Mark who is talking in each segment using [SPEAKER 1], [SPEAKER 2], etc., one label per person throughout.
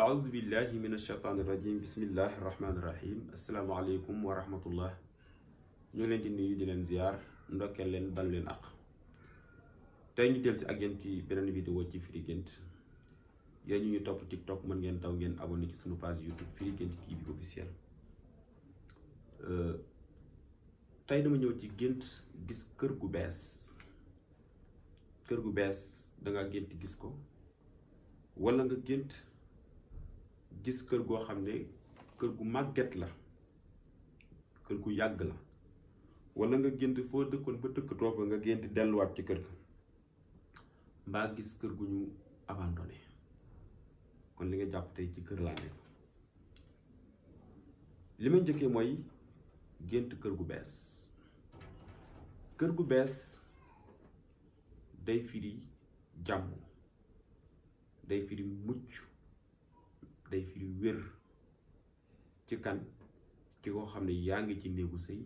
[SPEAKER 1] aoudu billahi min alsheytaan irrajim bismillahi irrahmani irrahim asalaamaaleykum wa rahmatullah ñu leen di nuyu di leen ziar ndokkeel leen bal leen ak tey ñu del si ak yéen ci beneen vidéo ci Firi Guent yéen ñu ñu topp TikTok mën ngeen taw ngeen abonné ci sunu page YouTube Firi Guent TV officiel euh, tey dama ñëw ci gént gis kër gu bees kër gu bees danga gént gis ko wala nga gént gis kër goo xam ne kër gu màgget la kër gu yàgg la wala nga gént foo dëkkoon ba dëkk too fa nga gént delluwaat ci kër ga mbaa gis kër gu ñu abandonné kon li nga jàpp tey ci kër laa nekk li ma njëkkee mooy gént kër gu bees kër gu bees day firi jàmm day firi mucc day fii wér ci kan ki koo xam ne yaa ngi ci néegu sëy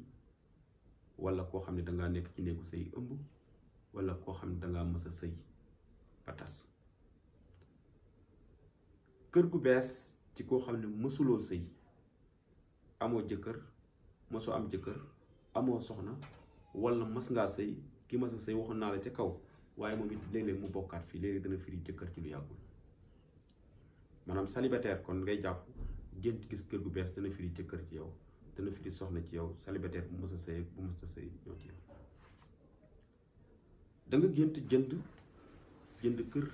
[SPEAKER 1] wala koo xam ne dangaa nekk ci néegu sëy ëmb walla koo xam ne dangaa mës a sëy ba tas kër gu bees ci koo xam ne mësuloo sëy amoo jëkkër mësoo am jëkkër amoo soxna wala mës ngaa sëy ki mës a sëy waxoon naa la ca kaw waaye moom it léeg-léeg mu bokkaat fii léeg dana firi jëkkër ci lu yàggul maanaam célibataire kon ngay jàpp gént gis kër gu bees dana firi jëkkër ci yow dana firi soxna ci yow célibataire bu mës a bu mës a sëy ñoo ci da nga gént jënd jënd kër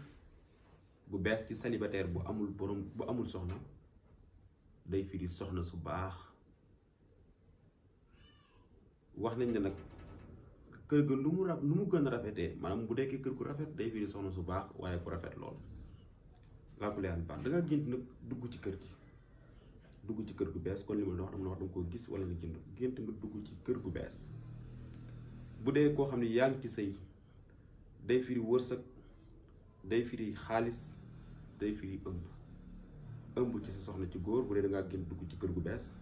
[SPEAKER 1] gu bees ci célibataire bu amul borom bu amul soxna day firi soxna su baax wax nañ ne nag kër ga lu mu rab lu mu gën a rafetee maanaam bu dekkee kër gu rafet day firi soxna su baax waaye ku rafet lool rappelé an baax da ngaa gént nag dugg ci kër gi dugg ci kër gu bees kon li ma la wax dama la koo gis wala nga jënd gént nga dugg ci kër gu bees bu dee koo xam ne yaa ngi ci sëy day firi wërsëg day firi xaalis day firi ëmb ëmb ci sa soxna ci góor bu dee da ngaa gént dugg ci kër gu bees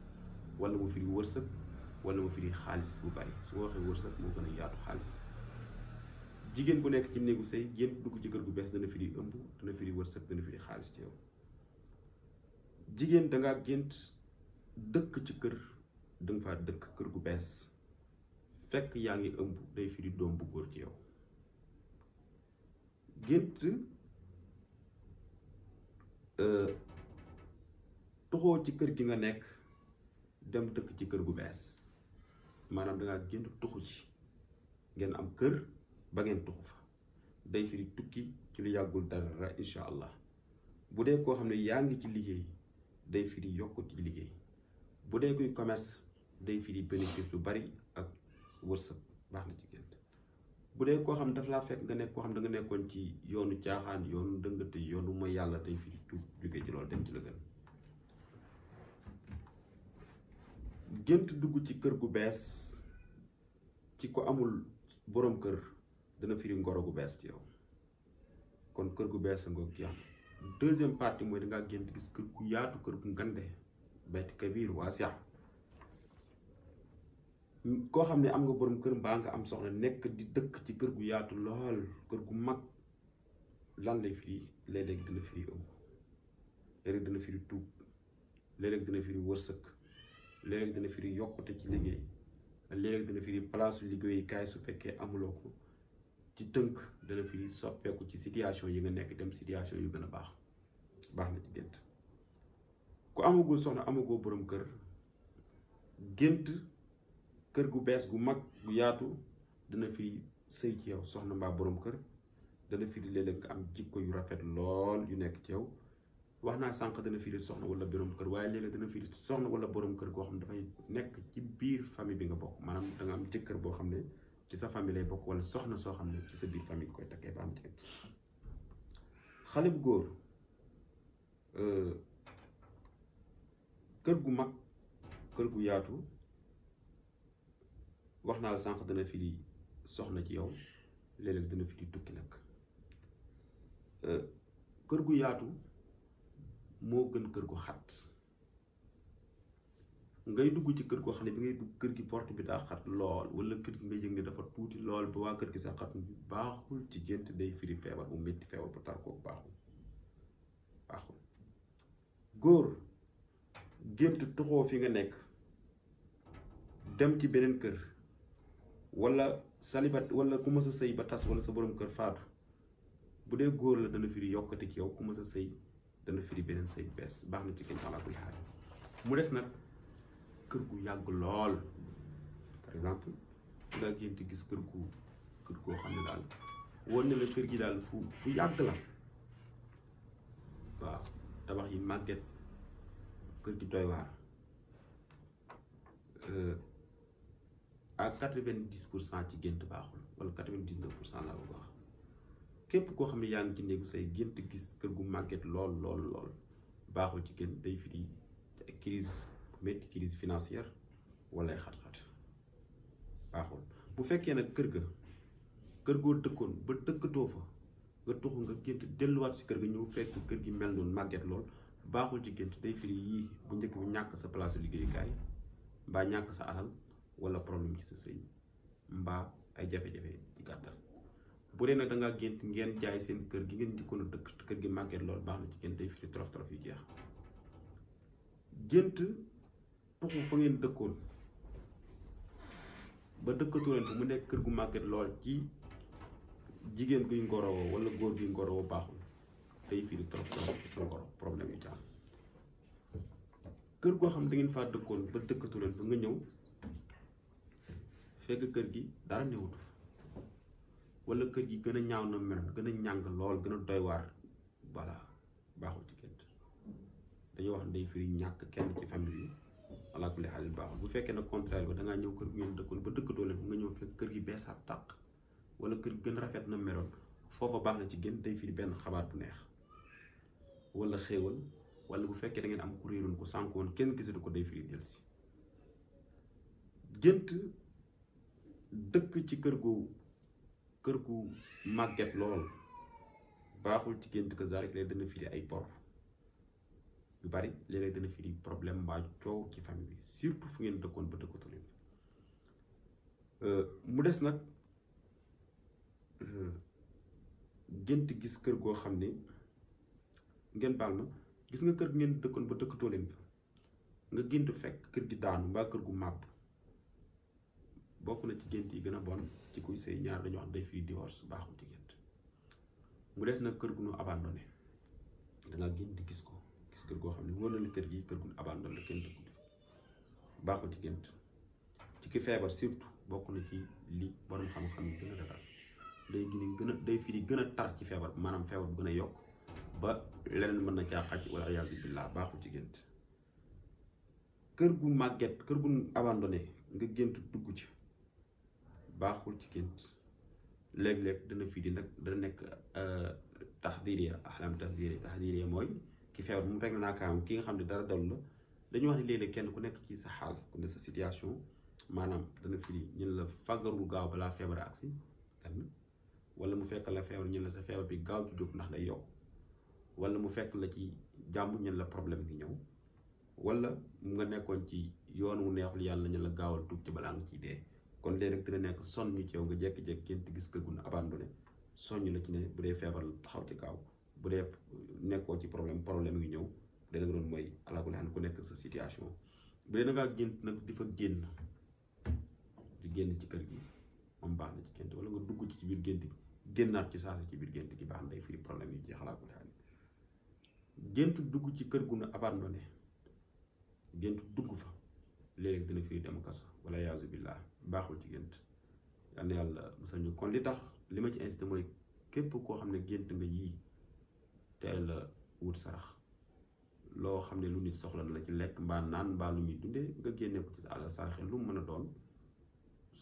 [SPEAKER 1] wala mu firi wërsëg wala mu firi xaalis bu bari su ma waxee wërsëg moo gën a xaalis jigéen bu nekk ci néegu sëy génn dugg ci kër gu bees dana firi ëmb dana firi wërsëg dana firi xaalis ci yow jigéen dangaa gént dëkk ci kër danga faa dëkk kër gu bees fekk yaa ngi ëmb day firi doom bu góor ci yow gént euh, toxoo ci kër gi nga nekk dem dëkk ci kër gu bees maanaam dangaa gént toxu ci ngeen am kër ba ngeen tuxu fa day firi tukki ci lu yàggul dara incha allah bu dee koo xam ne yaa ngi ci liggéey day firi yokku ci liggéey bu dee kuy commerce day firi bénéfice lu bari ak wërsëg baax na ci gént bu dee koo xam ne dafa laa fekk nga nekk koo xam ne danga nekkoon ci yoonu caaxaan yoonu dëngate yoonu mooy yàlla day firi tuub ci loolu dem ci la gën gént dugg ci kër gu bees ci ko amul boroom kër dana firi ngoro gu bees ci yow kon kër gu bees sa a ngoog yaa deuxième partie mooy dangaa gént gis kër gu yaatu kër gu ngande bayti kabir waasia koo xam ne am nga boroom kër mbaa nga am soxla nekk di dëkk ci kër gu yaatu lool kër gu mag lan lay firi léeg-léeg dina firi ëmb léeg-léeg dina firi tuub léeg-léeg firi wërsëg léeg-léeg firi yokkute ci liggéey léeg-léeg dina firi palaasu kay su fekkee amuloo ko ci tënk dana fi soppeeku ci situation yi nga nekk dem situation yu gën a baax baax na ci gént ku amagul soxna amagoo boroom kër gént kër gu bees gu mag gu yaatu dana fi sëy ci yow soxna mbaa boroom kër dana fi léeg-léeg nga am yu rafet lool yu nekk ci yow wax naa sànq dana fi soxna wala borom kër waaye léeg-léeg fi soxna wala borom kër goo xam ne dafay nekk ci biir famille bi nga bokk maanaam danga nga am jëkkër boo xam ne ci sa famille ay bokk wala soxna soo xam ne ci sa biir famille koy takkee ba am jigéen xale bu góor euh, kër gu mag kër gu yaatu wax naa la sànq dana fi di soxna ci yow léeg dana fi tukki nag euh, kër gu yaatu moo gën kër gu xat ngay dugg ci kër goo xam ne bi ngay dugg kër gi port bi daa xat lool wala kër gi nga yëg ne dafa tuuti lool ba waa kër gi sax xat baaxul ci gént day firi feebar bu métti feebar bu tar kooku baaxul baaxul góor gént tuxoo fi nga nekk dem ci beneen kër wala salibat wala ku ma sa sëy ba tas wala sa borom kër faatu bu dee góor la dana firi yokkati ci yow ku ma sa sëy dana firi beneen sëy bees baax na ci kenn alaa kulli mu des nag kër gu yàgg lool par exemple nga gént gis kër gu kër goo xam ne daal woon na kër gi daal fu fu yàgg la waaw tabax yi màgget kër gi doy waar ak euh, quatre-vingt-dix pour cent ci gént baaxul wala quatre-vingt-dix-neuf pour cent la ko wax képp koo xam ne yaa ngi ci néegu say gént gis kër gu màgget lool lool lool baaxul ci gént day firi crise métti crise financière wala xat-xat baaxul bu fekkee nag kër ga kër goo dëkkoon ba dëkkatoo fa nga tuxu nga gént delluwaat si kër ga ñëw fekk kër gi mel noonu màgget lool baaxul jigéen gént day firi yii bu njëkk bu ñàkk sa place liggéeyukaay mbaa ñàkk sa alal wala problème ci sa sëy mbaa ay jafe-jafe ci gàttal bu dee nag da ngaa gént ngeen jaay seen kër gi ngeen njëkkoon a dëkk kër gi màgget lool baax na ci gént day firi torof torof yu jeex tuxu fa ngeen dëkkoon ba dëkkatoo leen mu nekk kër gu màgget lool ci jigéen guy ngorowoo wala góor guy ngorowoo baaxul day firi trop trop ci sa ngoro problème yu ci kër goo xam da ngeen faa dëkkoon ba dëkkatoo leen fa nga ñëw fekk kër gi dara newut wala kër gi gën a ñaaw na mel gën a ñànk lool gën a doy waar voilà baaxul ci gént wax ne day firi ñàkk kenn ci famille yi alaa kulli xaalis baaxul bu fekkee ne contraire bi danga ñëw kër gi ngeen dëkkoon ba dëkk doole nga ñëw fekk kër gi beesaat tàq wala kër gën rafet na meloon foofa baax na ci gën day firi benn xabaar bu neex wala xéewal wala bu fekkee da ngeen am kuréeloon ko sànk woon kenn gisatu ko day firi del si gént dëkk ci kër gu kër gu màgget lool baaxul ci gént ko zarik lay dana firi ay bor yu bari léeg-léeg dana firi problème mbaa coow ci famille bi surtout fu ngeen dëkkoon ba dëkkatu leen euh, des nag euh, gént gis kër goo xam ne ngeen baal gis nga kër gi dëkkoon ba dëkkatoo leen fa nga gént fekk kër gi daanu mbaa kër gu màbb bokk na ci gént yi gën a bon ci kuy sëy ñaar dañu wax day fii divorce baaxul ci gént mu des nag kër gu nu abandone danga gént gis ko kër xam ne wóor na la kër gi kër gu abandon la kenn baaxul ci gént ci ki feebar surtout bokk ci li borom xam-xam gën a ragal gën a gën ci feebar maanaam feebar bu gën a yokk ba mën na caa xaj wala ayaasu billah baaxul ci gént kër gu màgget kër gu abandonné nga gént dugg ci baaxul ci gént léeg-léeg dana firi nag dana nekk euh, taxdiriya ahlam taxdiriya taxdiriya mooy ki feebar moom rek naa kaam ki nga xam ne dara dalu la dañuy wax ne léeg-léeg kenn ku nekk ci sa xaal ku ne sa situation maanaam dana firi ñu ne la faggarul gaaw balaa feebar agsi wala mu fekk la feebar sa feebar bi gaaw ci jóg ndax day yokk wala mu fekk la ci jàmm ñu la problème bi ñëw wala mu nga nekkoon ci yoon wu neexul yàlla ñu la gaawal tuub ci balaa nga ciy dee kon léegi rek dina nekk sonn ñu ci yow nga jékki-jékki kenn gis kër gu ne abandonné soññ la ci ne bu dee feebar la taxaw ci gaaw. bu dee nekkoo ci problème problème yu ñëw bu dee da doon mooy alakule an ku nekk sa situation bu dee da ngaa gént nag di fa génn di génn ci kër gi moom baax na ci gént wala nga dugg ci ci biir gént gi génnaat ci saasa ci biir gént gi baax na day firi problème yu jeex alakule an gént dugg ci kër gu nu abandonné gént dugg fa léeg-léeg dina firi dem kasa wala yaasu billah baaxul ci gént yàlla musal ñu kon li tax li ma ci insisté mooy képp koo xam ne gént nga yii teel la wut sarax loo xam ne lu nit soxla na la ci lekk mbaa naan mbaa lu muy dundee nga génne ko ci sa àll lu mu mën a doon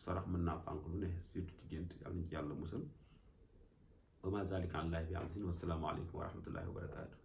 [SPEAKER 1] sarax mën naa pànk lu ne surtout ci gént yàlla nañ ci yàlla musal wa ma zalika alaahi bi aziz wa salaamu aleykum wa rahmatullahi wa barakaatu